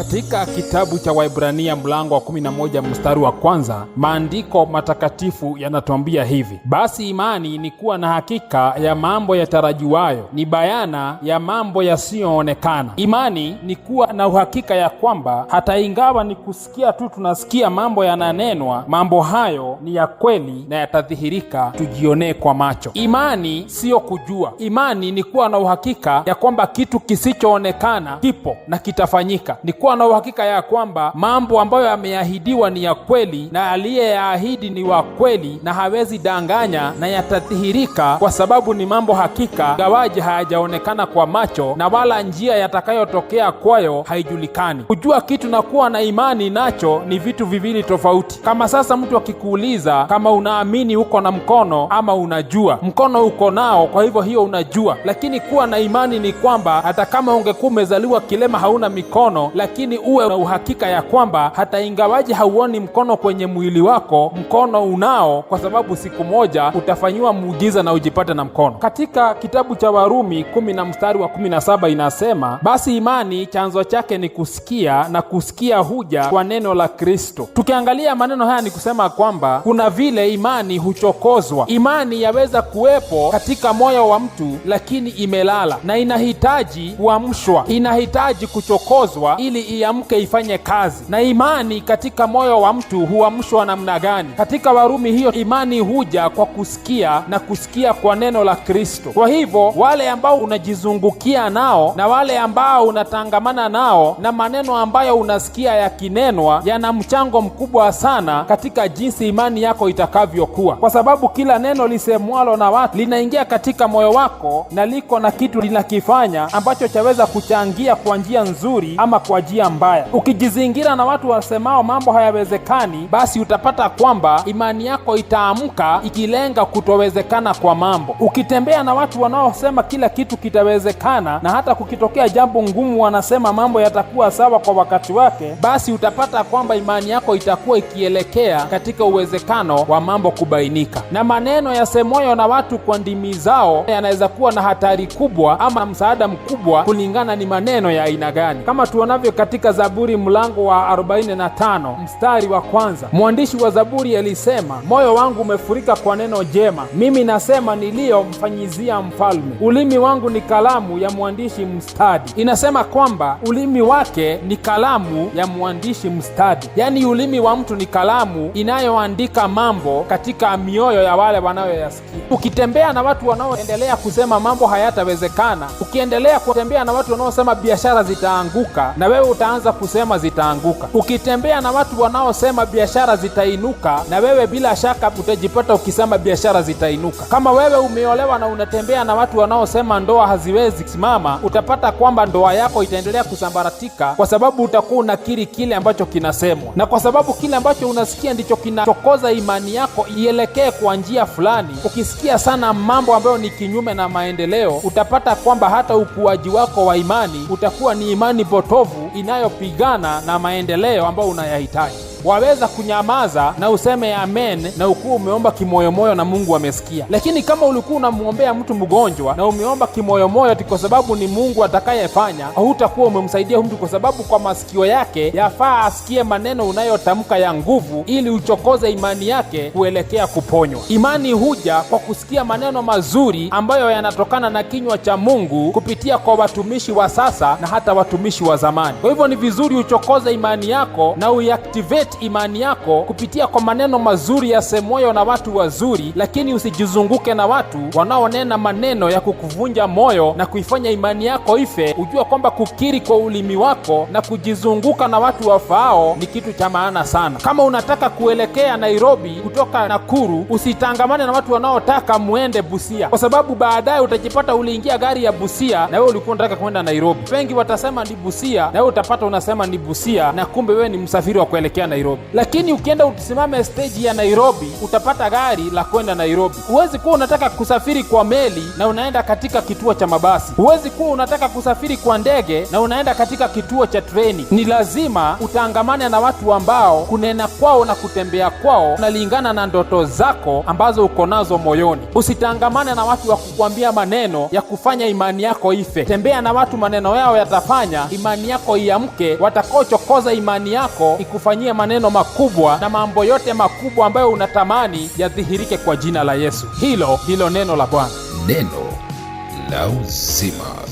Katika kitabu cha Waibrania mlango wa 11 mstari wa kwanza, maandiko matakatifu yanatuambia hivi: basi imani ni kuwa na hakika ya mambo yatarajiwayo, ni bayana ya mambo yasiyoonekana. Imani ni kuwa na uhakika ya kwamba hata ingawa ni kusikia tu, tunasikia mambo yananenwa, mambo hayo ni ya kweli na yatadhihirika, tujionee kwa macho. Imani siyo kujua, imani ni kuwa na uhakika ya kwamba kitu kisichoonekana kipo na kitafanyika, ni kuwa kuwa na uhakika ya kwamba mambo ambayo yameahidiwa ni ya kweli na aliyeyaahidi ni wa kweli na hawezi danganya na yatadhihirika kwa sababu ni mambo hakika, gawaji hayajaonekana kwa macho na wala njia yatakayotokea kwayo haijulikani. Kujua kitu na kuwa na imani nacho ni vitu viwili tofauti. Kama sasa mtu akikuuliza kama unaamini uko na mkono ama unajua, mkono uko nao, kwa hivyo hiyo unajua, lakini kuwa na imani ni kwamba hata kama ungekuwa umezaliwa kilema hauna mikono, lakini lakini uwe na uhakika ya kwamba hata ingawaji hauoni mkono kwenye mwili wako, mkono unao, kwa sababu siku moja utafanyiwa muujiza na ujipate na mkono. Katika kitabu cha Warumi kumi na mstari wa kumi na saba inasema, basi imani chanzo chake ni kusikia na kusikia huja kwa neno la Kristo. Tukiangalia maneno haya ni kusema kwamba kuna vile imani huchokozwa. Imani yaweza kuwepo katika moyo wa mtu, lakini imelala na inahitaji kuamshwa, inahitaji kuchokozwa ili iamke ifanye kazi. Na imani katika moyo wa mtu huamshwa namna gani? Katika Warumi hiyo imani huja kwa kusikia na kusikia kwa neno la Kristo. Kwa hivyo wale ambao unajizungukia nao na wale ambao unatangamana nao na maneno ambayo unasikia yakinenwa yana mchango mkubwa sana katika jinsi imani yako itakavyokuwa, kwa sababu kila neno lisemwalo na watu linaingia katika moyo wako na liko na kitu linakifanya ambacho chaweza kuchangia kwa njia nzuri ama kwa njia tabia mbaya. Ukijizingira na watu wasemao mambo hayawezekani, basi utapata kwamba imani yako itaamka ikilenga kutowezekana kwa mambo. Ukitembea na watu wanaosema kila kitu kitawezekana, na hata kukitokea jambo ngumu wanasema mambo yatakuwa sawa kwa wakati wake, basi utapata kwamba imani yako itakuwa ikielekea katika uwezekano wa mambo kubainika. Na maneno yasemwayo na watu kwa ndimi zao yanaweza kuwa na hatari kubwa ama msaada mkubwa, kulingana ni maneno ya aina gani, kama tuonavyo katika Zaburi mlango wa 45 mstari wa kwanza, mwandishi wa Zaburi alisema, moyo wangu umefurika kwa neno jema, mimi nasema niliyomfanyizia mfalme. Ulimi wangu ni kalamu ya mwandishi mstadi. Inasema kwamba ulimi wake ni kalamu ya mwandishi mstadi, yaani ulimi wa mtu ni kalamu inayoandika mambo katika mioyo ya wale wanayoyasikia. Ukitembea na watu wanaoendelea kusema mambo hayatawezekana, ukiendelea kutembea na watu wanaosema biashara zitaanguka, na wewe wataanza kusema zitaanguka. Ukitembea na watu wanaosema biashara zitainuka, na wewe bila shaka utajipata ukisema biashara zitainuka. Kama wewe umeolewa na unatembea na watu wanaosema ndoa haziwezi simama, utapata kwamba ndoa yako itaendelea kusambaratika, kwa sababu utakuwa unakiri kile ambacho kinasemwa, na kwa sababu kile ambacho unasikia ndicho kinachokoza imani yako ielekee kwa njia fulani. Ukisikia sana mambo ambayo ni kinyume na maendeleo, utapata kwamba hata ukuaji wako wa imani utakuwa ni imani potovu ina inayopigana na maendeleo ambayo unayahitaji waweza kunyamaza na useme amen na ukuwa umeomba kimoyomoyo na Mungu amesikia. Lakini kama ulikuwa unamwombea mtu mgonjwa na umeomba kimoyomoyo ti kwa sababu ni Mungu atakayefanya, hautakuwa umemsaidia mtu, kwa sababu kwa masikio yake yafaa asikie maneno unayotamka ya nguvu, ili uchokoze imani yake kuelekea kuponywa. Imani huja kwa kusikia maneno mazuri ambayo yanatokana na kinywa cha Mungu kupitia kwa watumishi wa sasa na hata watumishi wa zamani. Kwa hivyo ni vizuri uchokoze imani yako na uiactivate cultivate imani yako kupitia kwa maneno mazuri yasemoyo na watu wazuri, lakini usijizunguke na watu wanaonena maneno ya kukuvunja moyo na kuifanya imani yako ife. Ujua kwamba kukiri kwa ulimi wako na kujizunguka na watu wafaao ni kitu cha maana sana. Kama unataka kuelekea Nairobi kutoka Nakuru, usitangamane na watu wanaotaka mwende Busia, kwa sababu baadaye utajipata uliingia gari ya Busia na wewe ulikuwa unataka kwenda Nairobi. Wengi watasema ni Busia na wewe utapata unasema ni Busia, na kumbe wewe ni msafiri wa kuelekea Nairobi. Nairobi, lakini ukienda usimame steji ya Nairobi utapata gari la kwenda Nairobi. Huwezi kuwa unataka kusafiri kwa meli na unaenda katika kituo cha mabasi. Huwezi kuwa unataka kusafiri kwa ndege na unaenda katika kituo cha treni. Ni lazima utangamane na watu ambao kunena kwao na kutembea kwao unalingana na ndoto zako ambazo uko nazo moyoni. Usitangamane na watu wa kukwambia maneno ya kufanya imani yako ife. Tembea na watu maneno yao yatafanya imani yako iamke, watakaochokoza imani yako ikufanyie maneno maneno makubwa na mambo yote makubwa ambayo unatamani yadhihirike kwa jina la Yesu. Hilo ndilo neno la Bwana, neno la uzima.